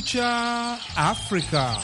Kumekucha Afrika.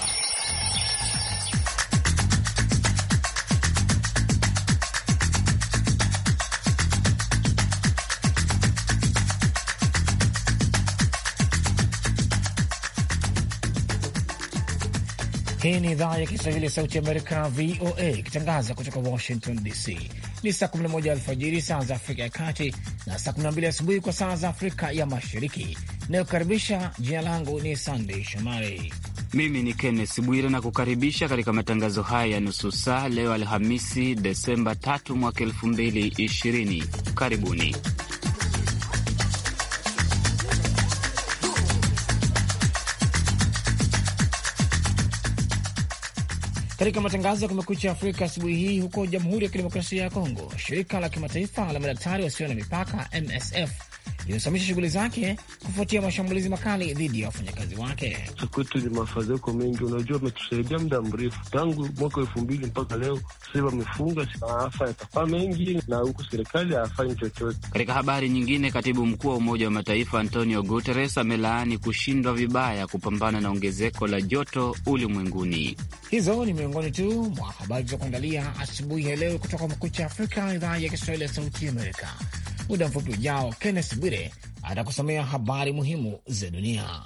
Hii ni idhaa ya Kiswahili ya Sauti ya Amerika, VOA, ikitangaza kutoka Washington DC. Ni saa 11 alfajiri saa za Afrika ya Kati na saa 12 asubuhi kwa saa za Afrika ya Mashariki inayokaribisha. Jina langu ni Sandey Shomari, mimi ni Kennes Bwire na kukaribisha katika matangazo haya ya nusu saa leo Alhamisi, Desemba 3 mwaka 2020. Karibuni. Katika matangazo ya Kumekucha Afrika asubuhi hii, huko Jamhuri ya Kidemokrasia ya Kongo, shirika la kimataifa la madaktari wasio na mipaka MSF limesimamisha shughuli zake eh, kufuatia mashambulizi makali dhidi ya wafanyakazi wake. Sokoto ni mafadhiko mengi, unajua ametusaidia muda mrefu tangu mwaka elfu mbili mpaka leo, sasa wamefunga, maafa yatakuwa mengi na huku serikali hayafanyi chochote. Katika habari nyingine, katibu mkuu wa Umoja wa Mataifa Antonio Guterres amelaani kushindwa vibaya kupambana na ongezeko la joto ulimwenguni. Hizo ni miongoni tu mwa habari za kuandalia asubuhi ya leo kutoka Makucha Afrika, idhaa ya Kiswahili ya Sauti ya Amerika. Muda mfupi ujao, Kenneth Bwire Bwire atakusomea habari muhimu za dunia.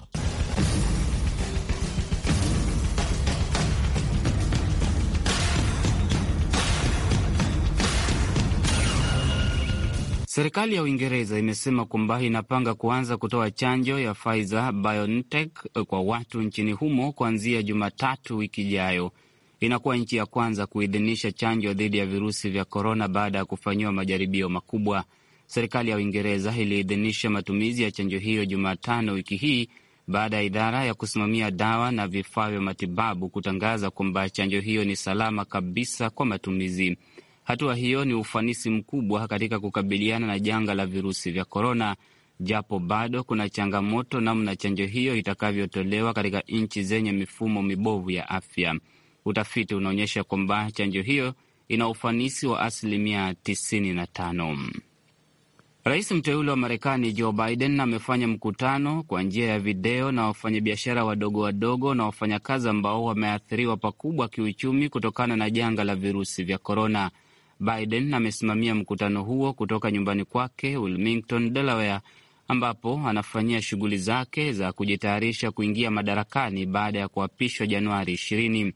Serikali ya Uingereza imesema kwamba inapanga kuanza kutoa chanjo ya Pfizer BioNTech kwa watu nchini humo kuanzia Jumatatu wiki ijayo. Inakuwa nchi ya kwanza kuidhinisha chanjo dhidi ya virusi vya korona baada ya kufanyiwa majaribio makubwa. Serikali ya Uingereza iliidhinisha matumizi ya chanjo hiyo Jumatano wiki hii baada ya idara ya kusimamia dawa na vifaa vya matibabu kutangaza kwamba chanjo hiyo ni salama kabisa kwa matumizi. Hatua hiyo ni ufanisi mkubwa katika kukabiliana na janga la virusi vya korona, japo bado kuna changamoto namna chanjo hiyo itakavyotolewa katika nchi zenye mifumo mibovu ya afya. Utafiti unaonyesha kwamba chanjo hiyo ina ufanisi wa asilimia 95. Rais mteule wa Marekani Joe Biden amefanya mkutano kwa njia ya video na wafanyabiashara wadogo wadogo na wafanyakazi ambao wameathiriwa pakubwa kiuchumi kutokana na janga la virusi vya korona. Biden amesimamia mkutano huo kutoka nyumbani kwake Wilmington, Delaware, ambapo anafanyia shughuli zake za kujitayarisha kuingia madarakani baada ya kuapishwa Januari 20.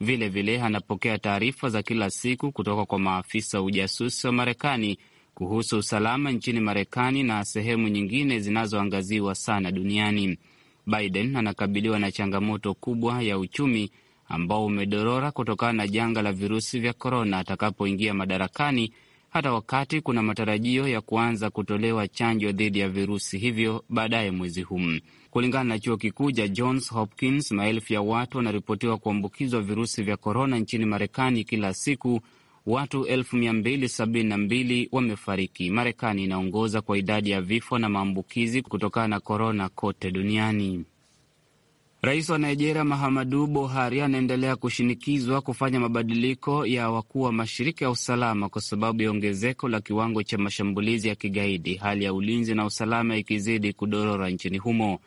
Vilevile anapokea taarifa za kila siku kutoka kwa maafisa ujasusi wa Marekani kuhusu usalama nchini Marekani na sehemu nyingine zinazoangaziwa sana duniani. Biden anakabiliwa na changamoto kubwa ya uchumi ambao umedorora kutokana na janga la virusi vya korona atakapoingia madarakani, hata wakati kuna matarajio ya kuanza kutolewa chanjo dhidi ya virusi hivyo baadaye mwezi huu. Kulingana na chuo kikuu cha Johns Hopkins, maelfu ya watu wanaripotiwa kuambukizwa virusi vya korona nchini Marekani kila siku, watu 272 wamefariki. Marekani inaongoza kwa idadi ya vifo na maambukizi kutokana na korona kote duniani. Rais wa Nigeria Mahamadu Buhari anaendelea kushinikizwa kufanya mabadiliko ya wakuu wa mashirika ya usalama kwa sababu ya ongezeko la kiwango cha mashambulizi ya kigaidi, hali ya ulinzi na usalama ikizidi kudorora nchini humo.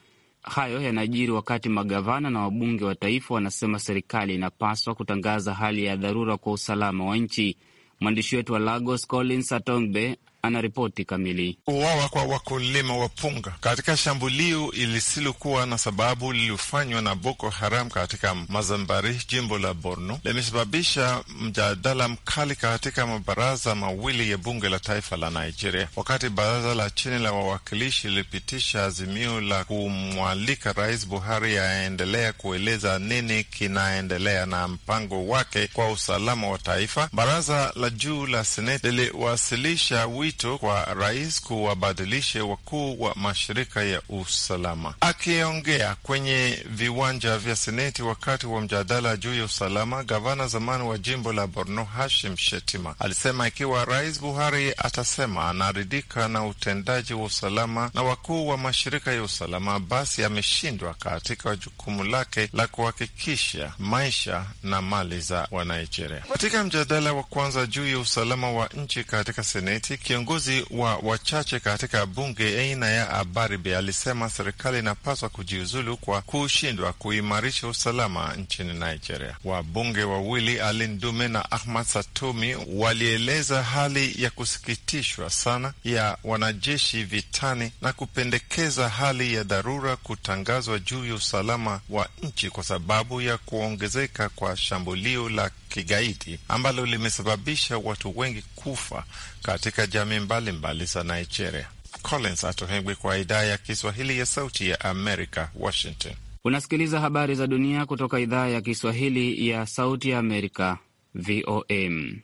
Hayo yanajiri wakati magavana na wabunge wa taifa wanasema serikali inapaswa kutangaza hali ya dharura kwa usalama wa nchi. Mwandishi wetu wa Lagos, Collins Atongbe, ripoti kamili. Uwawa kwa wakulima wa punga katika shambulio ilisilokuwa na sababu lililofanywa na Boko Haram katika Mazambari, jimbo la Borno, limesababisha mjadala mkali katika mabaraza mawili ya bunge la taifa la Nigeria, wakati baraza la chini la wawakilishi lilipitisha azimio la kumwalika Rais Buhari aendelea kueleza nini kinaendelea na mpango wake kwa usalama wa taifa. Baraza la juu la Seneti liliwasilisha wito kwa rais kuwabadilishe wakuu wa mashirika ya usalama. Akiongea kwenye viwanja vya Seneti wakati wa mjadala juu ya usalama, gavana zamani wa jimbo la Borno Hashim Shetima alisema ikiwa Rais Buhari atasema anaridhika na utendaji wa usalama na wakuu wa mashirika ya usalama, basi ameshindwa katika jukumu lake la kuhakikisha maisha na mali za Wanigeria. Katika mjadala wa kwanza juu ya usalama wa nchi katika Seneti, Kiongozi wa wachache katika bunge aina ya Abaribe alisema serikali inapaswa kujiuzulu kwa kushindwa kuimarisha usalama nchini Nigeria. Wabunge wawili Alin Dume na Ahmad Satumi walieleza hali ya kusikitishwa sana ya wanajeshi vitani na kupendekeza hali ya dharura kutangazwa juu ya usalama wa nchi kwa sababu ya kuongezeka kwa shambulio la kigaidi ambalo limesababisha watu wengi kufa katika jamii mbalimbali za Nigeria. Collins Atohegwi kwa idhaa ya Kiswahili ya Sauti ya Amerika, Washington. Unasikiliza habari za dunia kutoka idhaa ya Kiswahili ya Sauti ya Amerika, VOM.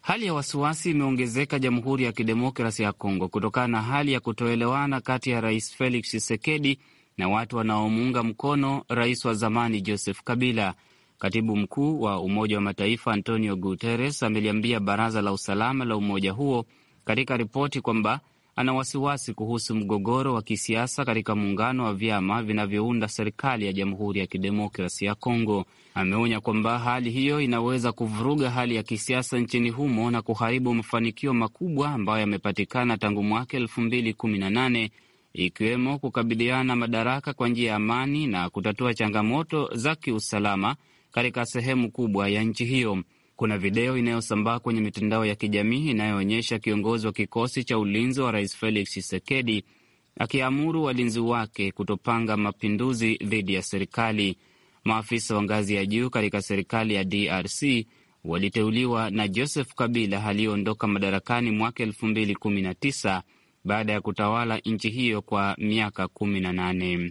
Hali ya wasiwasi imeongezeka Jamhuri ya Kidemokrasi ya Kongo kutokana na hali ya kutoelewana kati ya Rais Felix Chisekedi na watu wanaomuunga mkono rais wa zamani Joseph Kabila. Katibu mkuu wa Umoja wa Mataifa Antonio Guterres ameliambia baraza la usalama la umoja huo katika ripoti kwamba ana wasiwasi kuhusu mgogoro wa kisiasa katika muungano wa vyama vinavyounda serikali ya Jamhuri ya kidemokrasi ya Kongo. Ameonya kwamba hali hiyo inaweza kuvuruga hali ya kisiasa nchini humo na kuharibu mafanikio makubwa ambayo yamepatikana tangu mwaka elfu mbili kumi na nane ikiwemo kukabiliana madaraka kwa njia ya amani na kutatua changamoto za kiusalama katika sehemu kubwa ya nchi hiyo. Kuna video inayosambaa kwenye mitandao ya kijamii inayoonyesha kiongozi wa kikosi cha ulinzi wa rais Felix Tshisekedi akiamuru walinzi wake kutopanga mapinduzi dhidi ya serikali. Maafisa wa ngazi ya juu katika serikali ya DRC waliteuliwa na Joseph Kabila aliyoondoka madarakani mwaka 219 baada ya kutawala nchi hiyo kwa miaka 18.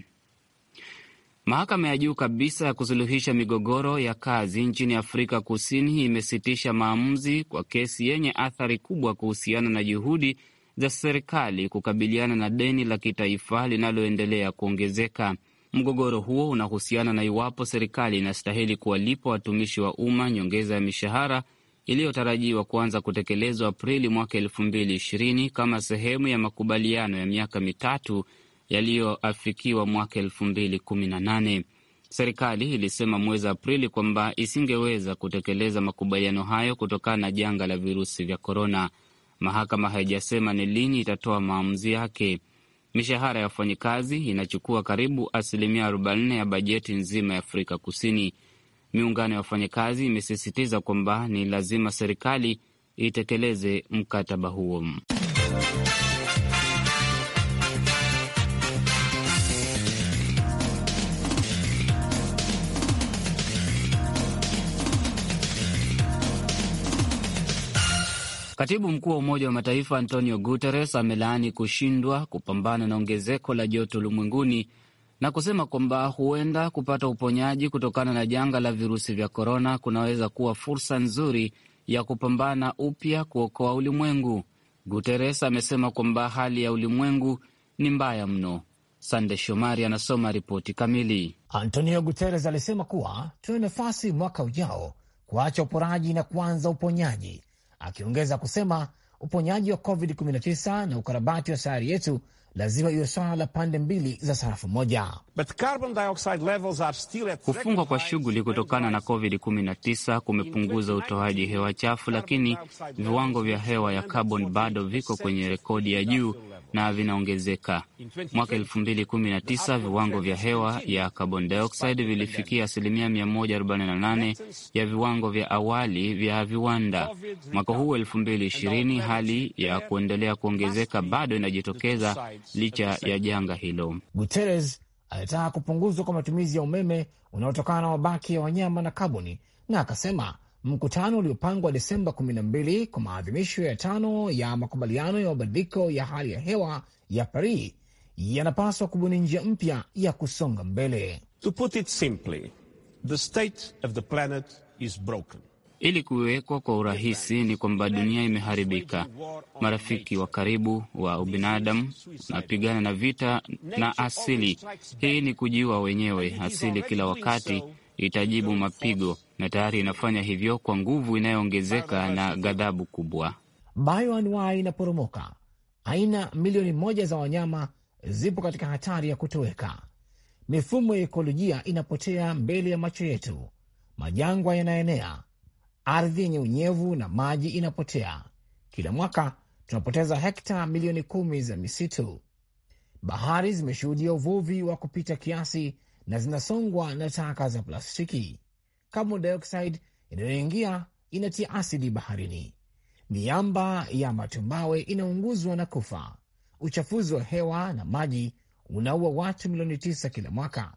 Mahakama ya juu kabisa ya kusuluhisha migogoro ya kazi nchini Afrika Kusini imesitisha maamuzi kwa kesi yenye athari kubwa kuhusiana na juhudi za serikali kukabiliana na deni la kitaifa linaloendelea kuongezeka. Mgogoro huo unahusiana na iwapo serikali inastahili kuwalipa watumishi wa umma nyongeza ya mishahara iliyotarajiwa kuanza kutekelezwa Aprili mwaka elfu mbili ishirini kama sehemu ya makubaliano ya miaka mitatu yaliyoafikiwa mwaka elfu mbili kumi na nane. Serikali ilisema mwezi Aprili kwamba isingeweza kutekeleza makubaliano hayo kutokana na janga la virusi vya korona. Mahakama haijasema ni lini itatoa maamuzi yake. Mishahara ya wafanyikazi inachukua karibu asilimia 4 ya bajeti nzima ya Afrika Kusini. Miungano ya wafanyakazi imesisitiza kwamba ni lazima serikali itekeleze mkataba huo. Katibu mkuu wa Umoja wa Mataifa Antonio Guterres amelaani kushindwa kupambana na ongezeko la joto ulimwenguni na kusema kwamba huenda kupata uponyaji kutokana na janga la virusi vya korona kunaweza kuwa fursa nzuri ya kupambana upya kuokoa ulimwengu. Guterres amesema kwamba hali ya ulimwengu ni mbaya mno. Sande Shomari anasoma ripoti kamili. Antonio Guterres alisema kuwa tuna nafasi mwaka ujao kuacha uporaji na kuanza uponyaji akiongeza kusema uponyaji wa COVID-19 na ukarabati wa sayari yetu lazima iwe swala la pande mbili za sarafu moja. Kufungwa kwa shughuli kutokana na COVID-19 kumepunguza utoaji hewa chafu, lakini viwango vya hewa ya carbon bado viko kwenye rekodi ya juu na vinaongezeka. Mwaka 2019 viwango vya hewa ya carbon dioxide vilifikia asilimia 148 ya viwango vya awali vya viwanda. Mwaka huu 2020 hali ya kuendelea kuongezeka bado inajitokeza licha ya janga hilo. Guterres alitaka kupunguzwa kwa matumizi ya umeme unaotokana na mabaki ya wanyama na kaboni, na akasema mkutano uliopangwa Desemba 12 kwa maadhimisho ya tano ya makubaliano ya mabadiliko ya hali ya hewa ya Paris yanapaswa kubuni njia mpya ya kusonga mbele. To put it simply, the state of the planet is broken ili kuwekwa kwa urahisi ni kwamba dunia imeharibika. Marafiki wa karibu wa ubinadamu napigana na vita na asili. Hii ni kujiua wenyewe. Asili kila wakati itajibu mapigo, na tayari inafanya hivyo kwa nguvu inayoongezeka na ghadhabu kubwa. Bioanuwai inaporomoka. Aina milioni moja za wanyama zipo katika hatari ya kutoweka. Mifumo ya ekolojia inapotea mbele ya macho yetu. Majangwa yanaenea ardhi yenye unyevu na maji inapotea. Kila mwaka tunapoteza hekta milioni kumi za misitu. Bahari zimeshuhudia uvuvi wa kupita kiasi na zinasongwa na taka za plastiki. Carbon dioxide inayoingia inatia asidi baharini. Miamba ya matumbawe inaunguzwa na kufa. Uchafuzi wa hewa na maji unaua watu milioni tisa kila mwaka.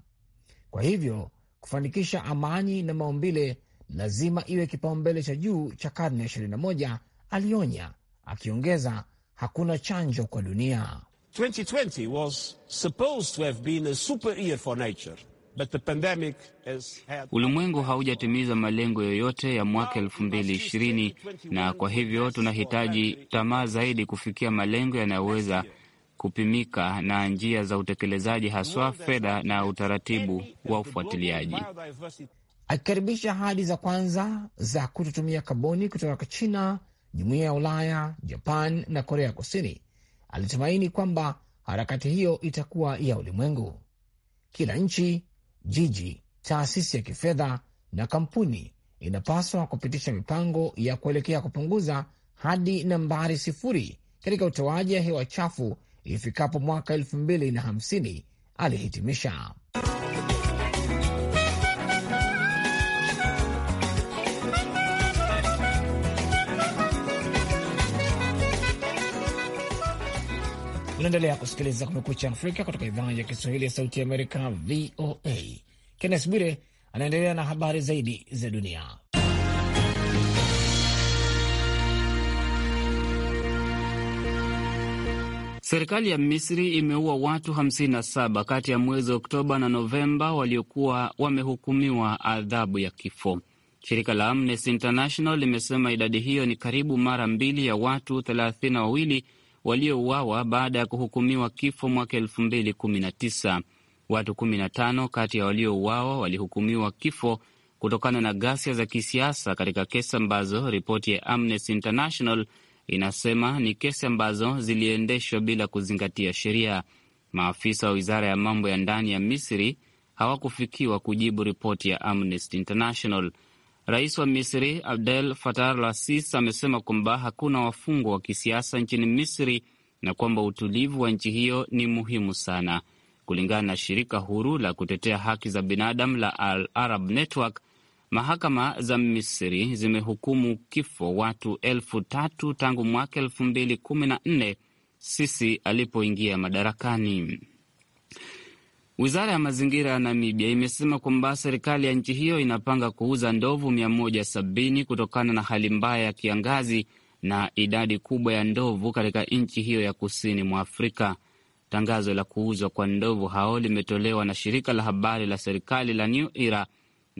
Kwa hivyo kufanikisha amani na maumbile lazima iwe kipaumbele cha juu cha karne ya 21, alionya, akiongeza hakuna chanjo kwa dunia. 2020 was supposed to have been a super year for nature. Had... ulimwengu haujatimiza malengo yoyote ya mwaka elfu mbili ishirini na kwa hivyo tunahitaji tamaa zaidi kufikia malengo yanayoweza kupimika na njia za utekelezaji, haswa fedha na utaratibu wa ufuatiliaji akikaribisha ahadi za kwanza za kutotumia kaboni kutoka kwa China, jumuiya ya Ulaya, Japan na Korea Kusini. Alitumaini kwamba harakati hiyo itakuwa ya ulimwengu. Kila nchi, jiji, taasisi ya kifedha na kampuni inapaswa kupitisha mipango ya kuelekea kupunguza hadi nambari sifuri katika utoaji wa hewa chafu ifikapo mwaka elfu mbili na hamsini, alihitimisha. Unaendelea kusikiliza Kumekucha Afrika kutoka idhaa ya Kiswahili ya Sauti ya Amerika, VOA. Kennes Bwire anaendelea na habari zaidi za dunia. Serikali ya Misri imeua watu 57 kati ya mwezi Oktoba na Novemba waliokuwa wamehukumiwa adhabu ya kifo. Shirika la Amnesty International limesema idadi hiyo ni karibu mara mbili ya watu thelathini na wawili waliouawa baada ya kuhukumiwa kifo mwaka elfu mbili kumi na tisa. Watu 15 kati ya waliouawa walihukumiwa kifo kutokana na ghasia za kisiasa katika kesi ambazo ripoti ya Amnesty International inasema ni kesi ambazo ziliendeshwa bila kuzingatia sheria. Maafisa wa wizara ya mambo ya ndani ya Misri hawakufikiwa kujibu ripoti ya Amnesty International. Rais wa Misri Abdel Fattah al-Sisi amesema kwamba hakuna wafungwa wa kisiasa nchini Misri na kwamba utulivu wa nchi hiyo ni muhimu sana. Kulingana na shirika huru la kutetea haki za binadamu la Al Arab Network, mahakama za Misri zimehukumu kifo watu elfu tatu tangu mwaka elfu mbili kumi na nne Sisi alipoingia madarakani. Wizara ya mazingira ya Namibia imesema kwamba serikali ya nchi hiyo inapanga kuuza ndovu 170 kutokana na hali mbaya ya kiangazi na idadi kubwa ya ndovu katika nchi hiyo ya kusini mwa Afrika. Tangazo la kuuzwa kwa ndovu hao limetolewa na shirika la habari la serikali la New Era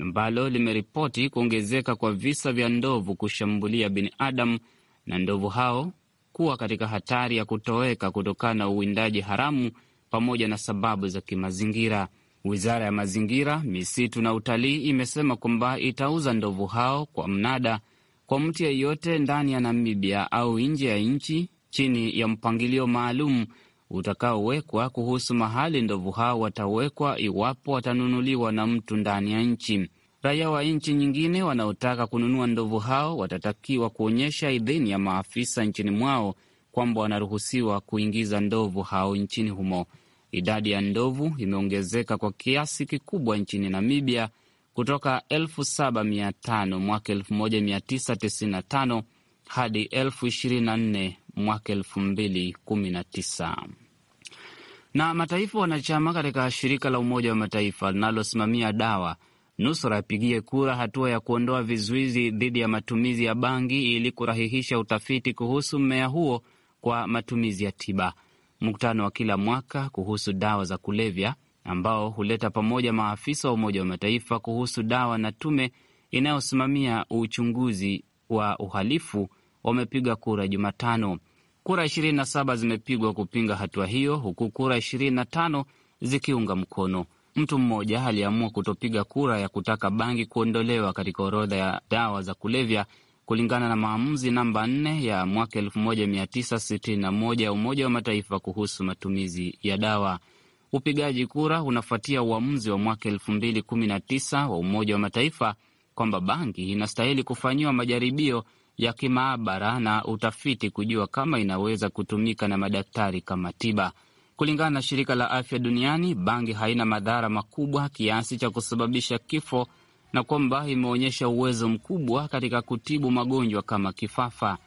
ambalo limeripoti kuongezeka kwa visa vya ndovu kushambulia binadamu na ndovu hao kuwa katika hatari ya kutoweka kutokana na uwindaji haramu pamoja na sababu za kimazingira. Wizara ya Mazingira, Misitu na Utalii imesema kwamba itauza ndovu hao kwa mnada kwa mtu yeyote ndani ya Namibia au nje ya nchi chini ya mpangilio maalum utakaowekwa kuhusu mahali ndovu hao watawekwa iwapo watanunuliwa na mtu ndani ya nchi. Raia wa nchi nyingine wanaotaka kununua ndovu hao watatakiwa kuonyesha idhini ya maafisa nchini mwao kwamba wanaruhusiwa kuingiza ndovu hao nchini humo. Idadi ya ndovu imeongezeka kwa kiasi kikubwa nchini Namibia kutoka 7500 mwaka 1995 hadi 24,000 mwaka 2019. Na mataifa wanachama katika shirika la Umoja wa Mataifa linalosimamia dawa nusura apigie kura hatua ya kuondoa vizuizi dhidi ya matumizi ya bangi ili kurahihisha utafiti kuhusu mmea huo kwa matumizi ya tiba mkutano wa kila mwaka kuhusu dawa za kulevya ambao huleta pamoja maafisa wa Umoja wa Mataifa kuhusu dawa na tume inayosimamia uchunguzi wa uhalifu wamepiga kura Jumatano. Kura 27 zimepigwa kupinga hatua hiyo, huku kura 25 zikiunga mkono. Mtu mmoja aliamua kutopiga kura ya kutaka bangi kuondolewa katika orodha ya dawa za kulevya kulingana na maamuzi namba 4 ya mwaka 1961 ya Umoja wa Mataifa kuhusu matumizi ya dawa. Upigaji kura unafuatia uamuzi wa mwaka 2019 wa Umoja wa Mataifa kwamba bangi inastahili kufanyiwa majaribio ya kimaabara na utafiti kujua kama inaweza kutumika na madaktari kama tiba. Kulingana na shirika la afya duniani, bangi haina madhara makubwa kiasi cha kusababisha kifo na kwamba imeonyesha uwezo mkubwa katika kutibu magonjwa kama kifafa.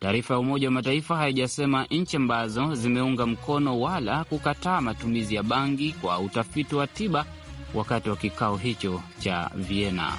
Taarifa ya Umoja wa Mataifa haijasema nchi ambazo zimeunga mkono wala kukataa matumizi ya bangi kwa utafiti wa tiba wakati wa kikao hicho cha Vienna.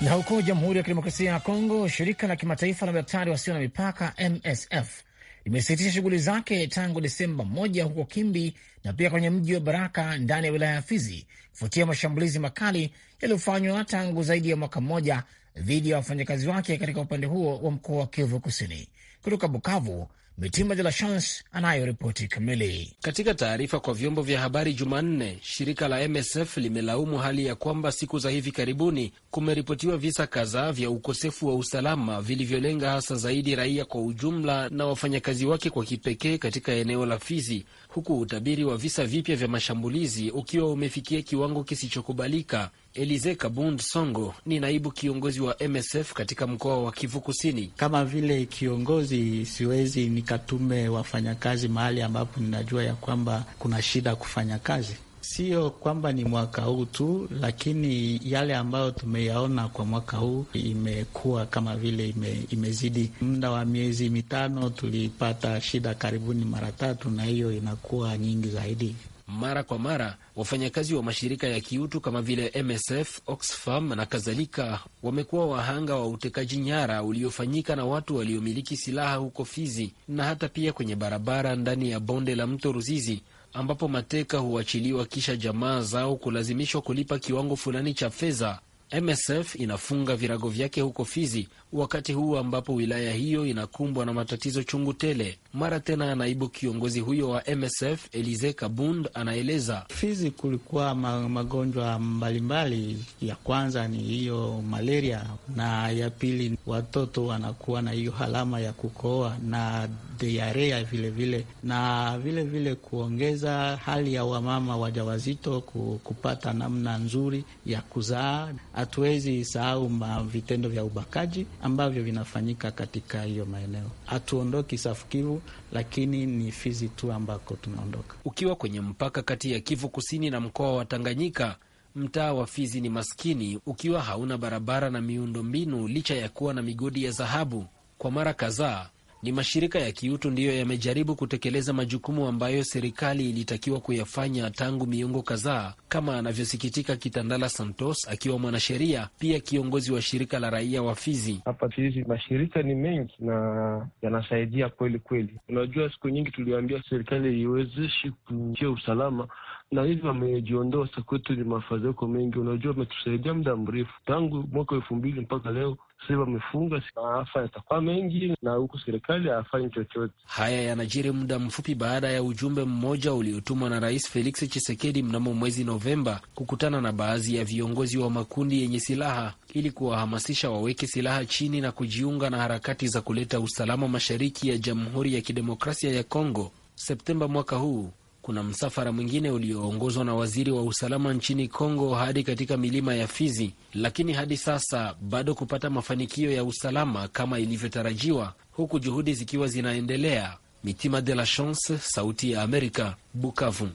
Na huko Jamhuri ya Kidemokrasia ya Kongo, shirika la kimataifa la madaktari wasio na mipaka MSF imesitisha shughuli zake tangu Desemba moja huko Kimbi na pia kwenye mji wa Baraka ndani ya wilaya ya Fizi kufuatia mashambulizi makali yaliyofanywa tangu zaidi ya mwaka mmoja dhidi ya wafanyakazi wake katika upande huo wa mkoa wa Kivu Kusini. Kutoka Bukavu, Mitima de la Chance anayo ripoti kamili. Katika taarifa kwa vyombo vya habari Jumanne, shirika la MSF limelaumu hali ya kwamba siku za hivi karibuni kumeripotiwa visa kadhaa vya ukosefu wa usalama vilivyolenga hasa zaidi raia kwa ujumla na wafanyakazi wake kwa kipekee katika eneo la Fizi, huku utabiri wa visa vipya vya mashambulizi ukiwa umefikia kiwango kisichokubalika. Elize Kabund Songo ni naibu kiongozi wa MSF katika mkoa wa Kivu Kusini. Kama vile kiongozi, siwezi nikatume wafanyakazi mahali ambapo ninajua ya kwamba kuna shida kufanya kazi. Sio kwamba ni mwaka huu tu, lakini yale ambayo tumeyaona kwa mwaka huu imekuwa kama vile ime, imezidi muda wa miezi mitano tulipata shida karibuni mara tatu, na hiyo inakuwa nyingi zaidi. Mara kwa mara wafanyakazi wa mashirika ya kiutu kama vile MSF, Oxfam na kadhalika wamekuwa wahanga wa utekaji nyara uliofanyika na watu waliomiliki silaha huko Fizi na hata pia kwenye barabara ndani ya bonde la mto Ruzizi ambapo mateka huachiliwa kisha jamaa zao kulazimishwa kulipa kiwango fulani cha fedha MSF inafunga virago vyake huko Fizi wakati huu ambapo wilaya hiyo inakumbwa na matatizo chungu tele. Mara tena, naibu kiongozi huyo wa MSF Elize Kabund anaeleza, Fizi kulikuwa magonjwa mbalimbali, ya kwanza ni hiyo malaria, na ya pili watoto wanakuwa na hiyo halama ya kukoa na diarea vilevile, na vilevile vile kuongeza hali ya wamama wajawazito kupata namna nzuri ya kuzaa Hatuwezi sahau vitendo vya ubakaji ambavyo vinafanyika katika hiyo maeneo. Hatuondoki safu Kivu, lakini ni Fizi tu ambako tunaondoka. Ukiwa kwenye mpaka kati ya Kivu Kusini na mkoa wa Tanganyika, mtaa wa Fizi ni maskini ukiwa hauna barabara na miundo mbinu licha ya kuwa na migodi ya dhahabu. Kwa mara kadhaa ni mashirika ya kiutu ndiyo yamejaribu kutekeleza majukumu ambayo serikali ilitakiwa kuyafanya tangu miongo kadhaa, kama anavyosikitika Kitandala Santos akiwa mwanasheria pia kiongozi wa shirika la raia wa Fizi. Hapa Fizi mashirika ni mengi na yanasaidia kweli kweli. Unajua, siku nyingi tuliambia serikali iwezeshi kuingia usalama na hivi wamejiondoa. Sakwetu ni mafadhiko mengi, unajua, wametusaidia muda mrefu tangu mwaka elfu mbili mpaka leo si wamefunga, maafa yatakuwa mengi na huku serikali hafanyi chochote. Haya yanajiri muda mfupi baada ya ujumbe mmoja uliotumwa na Rais Felix chisekedi mnamo mwezi Novemba kukutana na baadhi ya viongozi wa makundi yenye silaha ili kuwahamasisha waweke silaha chini na kujiunga na harakati za kuleta usalama mashariki ya Jamhuri ya Kidemokrasia ya Kongo Septemba mwaka huu kuna msafara mwingine ulioongozwa na waziri wa usalama nchini Kongo hadi katika milima ya Fizi, lakini hadi sasa bado kupata mafanikio ya usalama kama ilivyotarajiwa, huku juhudi zikiwa zinaendelea. Mitima de la Chance, Sauti ya Amerika, Bukavu.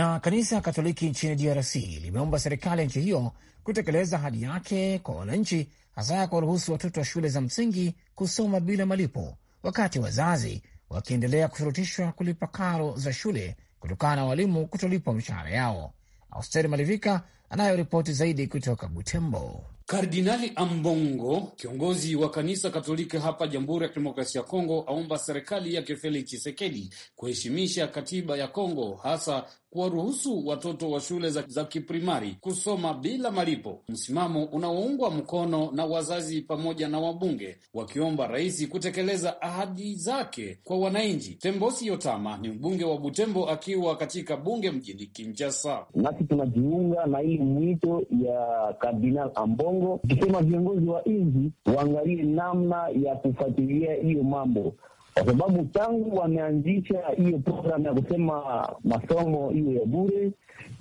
Na kanisa Katoliki nchini DRC limeomba serikali ya nchi hiyo kutekeleza hadi yake kwa wananchi, hasa ya kuwaruhusu watoto wa shule za msingi kusoma bila malipo, wakati wazazi wakiendelea kushurutishwa kulipa karo za shule kutokana na walimu kutolipwa mishahara yao. Austeri Malivika anayo ripoti zaidi kutoka Butembo. Kardinali Ambongo, kiongozi wa kanisa Katoliki hapa Jamhuri ya Kidemokrasia ya Kongo, aomba serikali yake Felix chisekedi kuheshimisha katiba ya Kongo, hasa kuwaruhusu watoto wa shule za, za kiprimari kusoma bila malipo, msimamo unaoungwa mkono na wazazi pamoja na wabunge wakiomba rais kutekeleza ahadi zake kwa wananchi. Tembosi Yotama ni mbunge wa Butembo akiwa katika bunge mjini Kinshasa. Nasi tunajiunga na ili mwito ya kardinal Ambongo Kongo, tukisema viongozi wa nchi waangalie namna ya kufuatilia hiyo mambo kwa sababu tangu wameanzisha hiyo programu ya kusema masomo hiyo ya bure,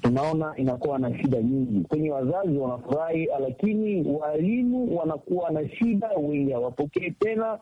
tunaona inakuwa na shida nyingi kwenye wazazi wanafurahi, lakini walimu wanakuwa na shida, wengi hawapokee tena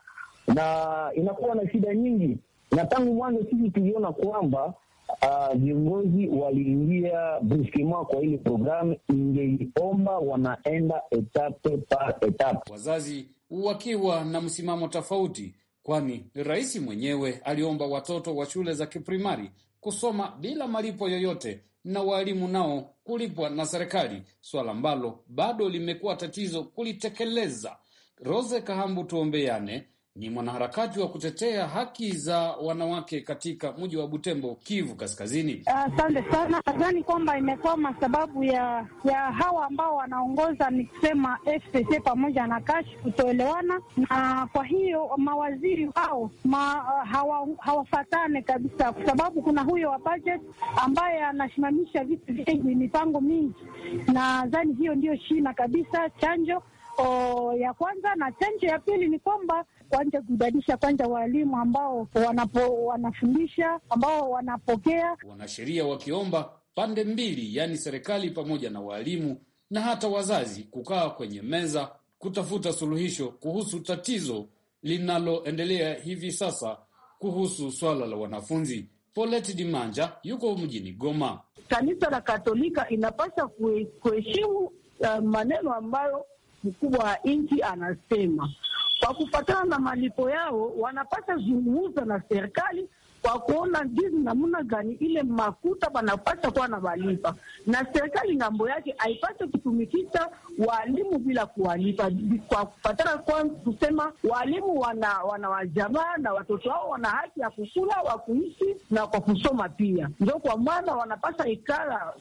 na inakuwa na shida nyingi. Na tangu mwanzo sisi tuliona kwamba Ah, viongozi uh, waliingia brusquement kwa ile programu, ingeiomba wanaenda etape pa etape, wazazi wakiwa na msimamo tofauti, kwani rais mwenyewe aliomba watoto wa shule za kiprimari kusoma bila malipo yoyote na waalimu nao kulipwa na serikali, swala ambalo bado limekuwa tatizo kulitekeleza. Rose Kahambu tuombeane ni mwanaharakati wa kutetea haki za wanawake katika mji wa Butembo, Kivu Kaskazini. Asante uh, sana. Nadhani kwamba imekwama sababu ya ya hawa ambao wanaongoza ni kusema FCC pamoja na kashi kutoelewana, na kwa hiyo mawaziri wao ma, hawa, hawafatane kabisa, kwa sababu kuna huyo wa budget ambaye anasimamisha vitu vingi, mipango mingi. Nadhani hiyo ndiyo shina kabisa chanjo o, ya kwanza na chanjo ya pili ni kwamba kwanja kuibanisha kwanja walimu ambao wanapo, wanafundisha ambao wanapokea. Wanasheria wakiomba pande mbili, yaani serikali pamoja na waalimu na hata wazazi kukaa kwenye meza kutafuta suluhisho kuhusu tatizo linaloendelea hivi sasa kuhusu swala la wanafunzi. Polet Dimanja yuko mjini Goma. Kanisa la Katolika inapasa kuheshimu uh, maneno ambayo mkubwa wa nchi anasema kwa kufatana na malipo yao wanapasa zungumza na serikali kwa kuona ndizi namna gani ile makuta wanapasa kuwa na walipa, na serikali ngambo yake haipase kutumikisha walimu bila kuwalipa, kwa kufatana kwa kusema walimu wana, wana wajamaa na watoto wao wana haki ya kukula, wa kuishi na kwa kusoma pia. Ndio kwa maana wanapasa ikara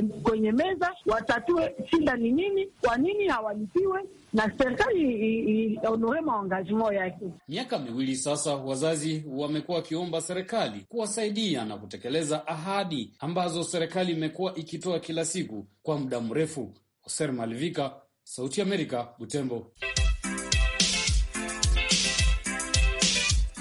kwenye meza, watatue shida ni nini, kwa nini hawalipiwe na serikali honore maangazimo yake. Miaka miwili sasa, wazazi wamekuwa wakiomba serikali kuwasaidia na kutekeleza ahadi ambazo serikali imekuwa ikitoa kila siku kwa muda mrefu. Hoser Malivika, Sauti ya Amerika, Butembo.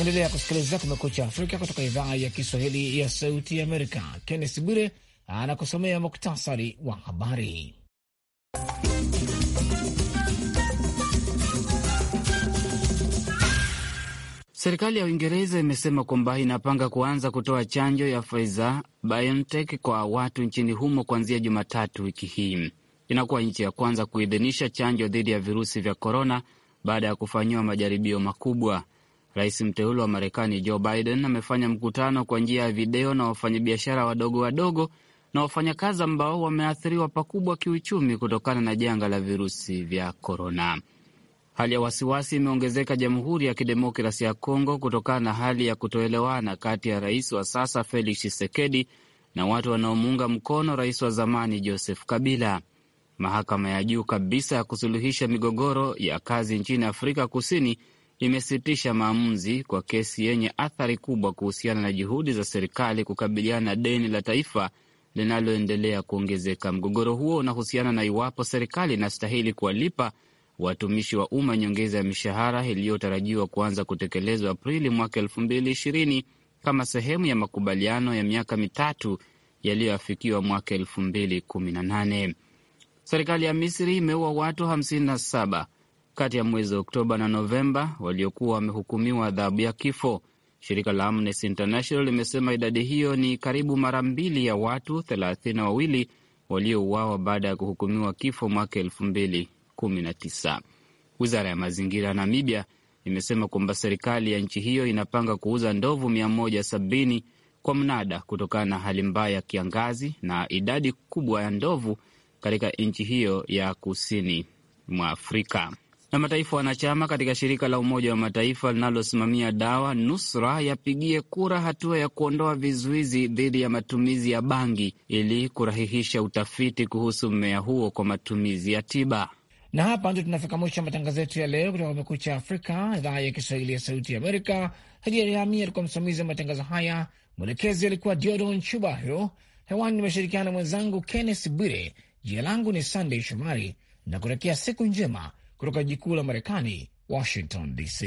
Endelea kusikiliza Kumekucha Afrika kutoka idhaa ya Kiswahili ya Sauti Amerika. kennes Bwire anakusomea muktasari wa habari. Serikali ya Uingereza imesema kwamba inapanga kuanza kutoa chanjo ya Pfizer BioNTech kwa watu nchini humo kuanzia Jumatatu wiki hii. Inakuwa nchi ya kwanza kuidhinisha chanjo dhidi ya virusi vya korona baada ya kufanyiwa majaribio makubwa. Rais mteule wa Marekani Joe Biden amefanya mkutano kwa njia ya video na wafanyabiashara wadogo wadogo na wafanyakazi ambao wameathiriwa pakubwa kiuchumi kutokana na janga la virusi vya korona. Hali ya wasiwasi imeongezeka Jamhuri ya Kidemokrasi ya Kongo kutokana na hali ya kutoelewana kati ya rais wa sasa Felix Tshisekedi na watu wanaomuunga mkono rais wa zamani Joseph Kabila. Mahakama ya juu kabisa ya kusuluhisha migogoro ya kazi nchini Afrika Kusini imesitisha maamuzi kwa kesi yenye athari kubwa kuhusiana na juhudi za serikali kukabiliana na deni la taifa linaloendelea kuongezeka. Mgogoro huo unahusiana na iwapo serikali inastahili kuwalipa watumishi wa umma nyongeza ya mishahara iliyotarajiwa kuanza kutekelezwa Aprili mwaka elfu mbili ishirini kama sehemu ya makubaliano ya miaka mitatu yaliyoafikiwa mwaka elfu mbili kumi na nane. Serikali ya Misri imeua watu 57 kati ya mwezi Oktoba na Novemba waliokuwa wamehukumiwa adhabu ya kifo. Shirika la Amnesty International limesema idadi hiyo ni karibu mara mbili ya watu thelathini na wawili waliouawa baada ya kuhukumiwa kifo mwaka elfu mbili kumi na tisa. Wizara ya mazingira ya Namibia imesema kwamba serikali ya nchi hiyo inapanga kuuza ndovu 170 kwa mnada kutokana na hali mbaya ya kiangazi na idadi kubwa ya ndovu katika nchi hiyo ya kusini mwa Afrika na mataifa wanachama katika shirika la Umoja wa Mataifa linalosimamia dawa nusra yapigie kura hatua ya kuondoa vizuizi dhidi ya matumizi ya bangi ili kurahihisha utafiti kuhusu mmea huo kwa matumizi ya tiba. Na hapa ndio tunafika mwisho wa matangazo yetu ya leo kutoka Kumekucha Afrika, idhaa ya Kiswahili ya Sauti ya Amerika. Hadiariami alikuwa msimamizi wa matangazo haya, mwelekezi alikuwa Diodon Chubahiro. Hewani nimeshirikiana mwenzangu Kenneth Bwire. Jina langu ni Sandey Shomari na kutakia siku njema kutoka jikuu la Marekani, Washington DC.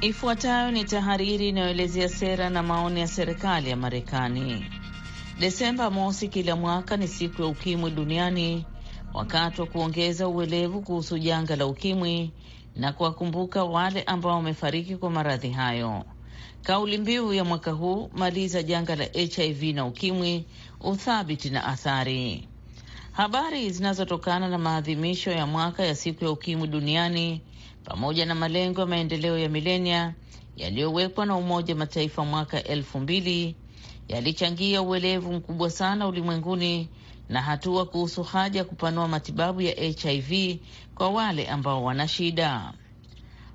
Ifuatayo ni tahariri inayoelezea sera na maoni ya serikali ya Marekani. Desemba mosi kila mwaka ni siku ya ukimwi duniani, wakati wa kuongeza uelevu kuhusu janga la ukimwi na kuwakumbuka wale ambao wamefariki kwa maradhi hayo. Kauli mbiu ya mwaka huu, maliza janga la HIV na ukimwi, uthabiti na athari. Habari zinazotokana na maadhimisho ya mwaka ya siku ya ukimwi duniani pamoja na malengo ya maendeleo ya milenia yaliyowekwa na Umoja Mataifa mwaka elfu mbili yalichangia uelevu mkubwa sana ulimwenguni na hatua kuhusu haja ya kupanua matibabu ya HIV kwa wale ambao wana shida.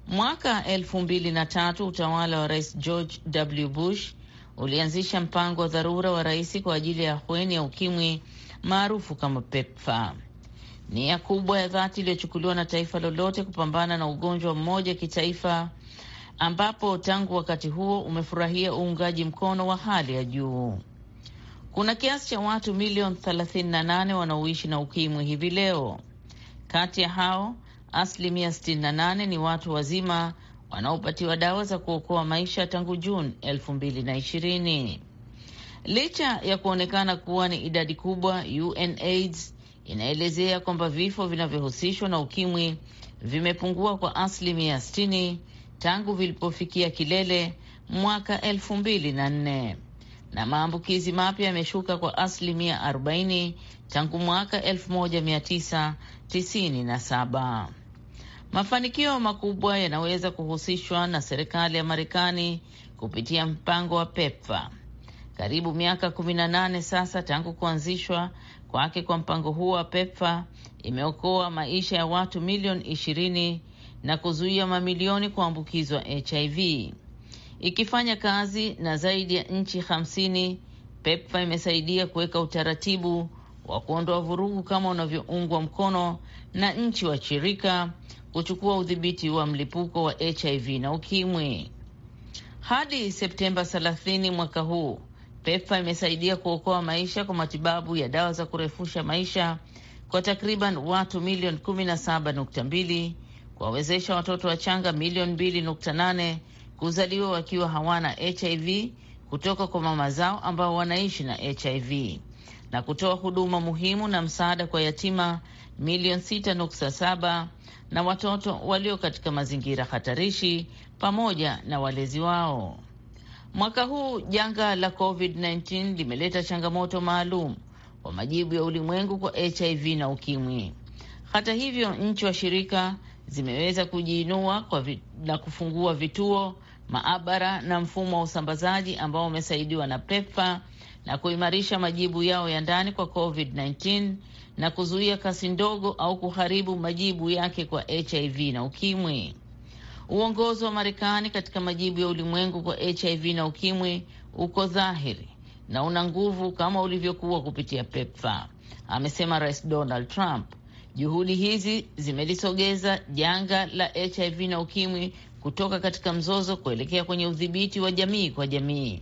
Mwaka elfu mbili na tatu utawala wa rais George W. Bush ulianzisha mpango wa dharura wa rais kwa ajili ya ahueni ya ukimwi maarufu kama PEPFAR. Nia kubwa ya dhati iliyochukuliwa na taifa lolote kupambana na ugonjwa mmoja kitaifa, ambapo tangu wakati huo umefurahia uungaji mkono wa hali ya juu. Kuna kiasi cha watu milioni 38 wanaoishi na ukimwi hivi leo. Kati ya hao Asilimia 68 ni watu wazima wanaopatiwa dawa za kuokoa maisha tangu Juni 2020. Licha ya kuonekana kuwa ni idadi kubwa, UNAIDS inaelezea kwamba vifo vinavyohusishwa na ukimwi vimepungua kwa asilimia 60 tangu vilipofikia kilele mwaka 2004 na maambukizi mapya yameshuka kwa asilimia 40 tangu mwaka 1997. Mafanikio makubwa yanaweza kuhusishwa na serikali ya Marekani kupitia mpango wa pepfa Karibu miaka 18 sasa tangu kuanzishwa kwake kwa mpango huo wa pepfa imeokoa maisha ya watu milioni ishirini na kuzuia mamilioni kuambukizwa HIV. Ikifanya kazi na zaidi ya nchi hamsini, PEPFA imesaidia kuweka utaratibu wa kuondoa vurugu kama unavyoungwa mkono na nchi washirika, kuchukua udhibiti wa mlipuko wa HIV na ukimwi. Hadi Septemba 30 mwaka huu, pepfa imesaidia kuokoa maisha kwa matibabu ya dawa za kurefusha maisha kwa takriban watu milioni 17.2, kuwawezesha watoto wachanga milioni 2.8 kuzaliwa wakiwa hawana HIV kutoka kwa mama zao ambao wanaishi na HIV na kutoa huduma muhimu na msaada kwa yatima milioni 6.7 na watoto walio katika mazingira hatarishi pamoja na walezi wao. Mwaka huu janga la COVID-19 limeleta changamoto maalum kwa majibu ya ulimwengu kwa HIV na ukimwi. Hata hivyo, nchi washirika zimeweza kujiinua kwa vi, na kufungua vituo, maabara na mfumo wa usambazaji ambao umesaidiwa na PEPFAR na kuimarisha majibu yao ya ndani kwa COVID-19 na kuzuia kasi ndogo au kuharibu majibu yake kwa HIV na ukimwi. Uongozi wa Marekani katika majibu ya ulimwengu kwa HIV na ukimwi uko dhahiri na una nguvu kama ulivyokuwa kupitia PEPFA, amesema Rais Donald Trump. Juhudi hizi zimelisogeza janga la HIV na ukimwi kutoka katika mzozo kuelekea kwenye udhibiti wa jamii kwa jamii.